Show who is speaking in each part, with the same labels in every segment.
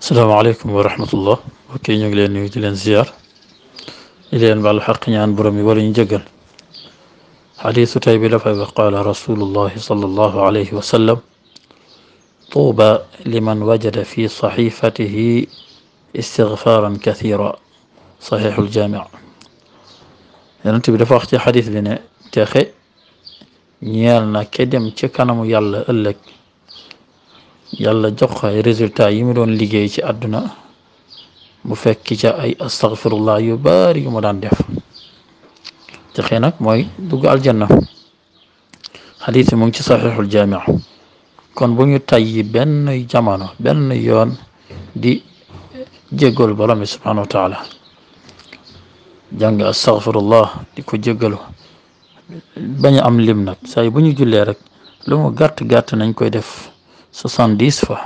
Speaker 1: السلام عليكم ورحمة الله وكين يقول لنا يقول لنا زيار إلينا بعض الحق يعني برمي ولي جقل حديث تابي لفعب قال رسول الله صلى الله عليه وسلم طوبى لمن وجد في صحيفته استغفارا كثيرا صحيح الجامع يعني أنت بدفع حديث لنا تاخي نيالنا كدم تكنا ميال لك yàlla jox ko yi mu doon liggéey ci àdduna mu fekk ca ay astaghfirullah yu bari yu mu daan def texe nag mooy dugg aljanna xadiis bi mu ngi ci saxiixul jaamic kon bu ñu tayyi benn jamono benn yoon di jéggalu borom bi subhaanahu wa taala jàng astaghfirullah di ko jéggalu bañ am lim nag saa bu ñu jullee rek lu mu gàtt gàtt nañ koy def soixante-dix fois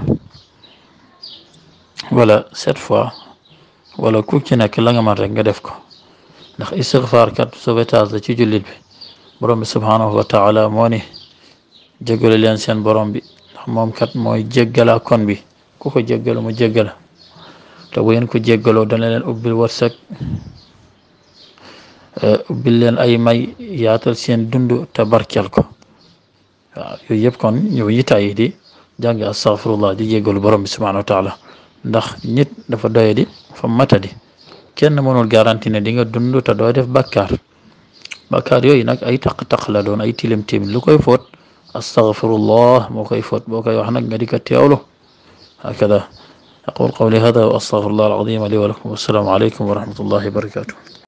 Speaker 1: wala sept fois wala ku nekk la nga nga def ko ndax istigfaar kat sauvetage la ci jullit bi borom bi subhaanahu wa taala moo ni leen seen borom bi ndax moom kat mooy jéggalaa kon bi ku ko jéggalu mu jéggala te bu ko jéggaloo dana leen ubbil wërsëg euh, ubbil leen ay may yaatal seen dund te barkeel ko waaw yooyu yëpp kon ñëw yi jàng astaghfirullah di jéggalu borom bi subhanahu wa taala ndax nit dafa doye di fa di kenn mënul garanti ne di nga dund def bakkaar bakkaar yooyu nag ay taq-taq la doon ay tilim-tilim lu koy foot astaghfirullah moo koy foot boo koy wax nag nga di ko teewlu hakada aqul qawli hada wa astaghfirullah alazim li wa lakum wassalaamu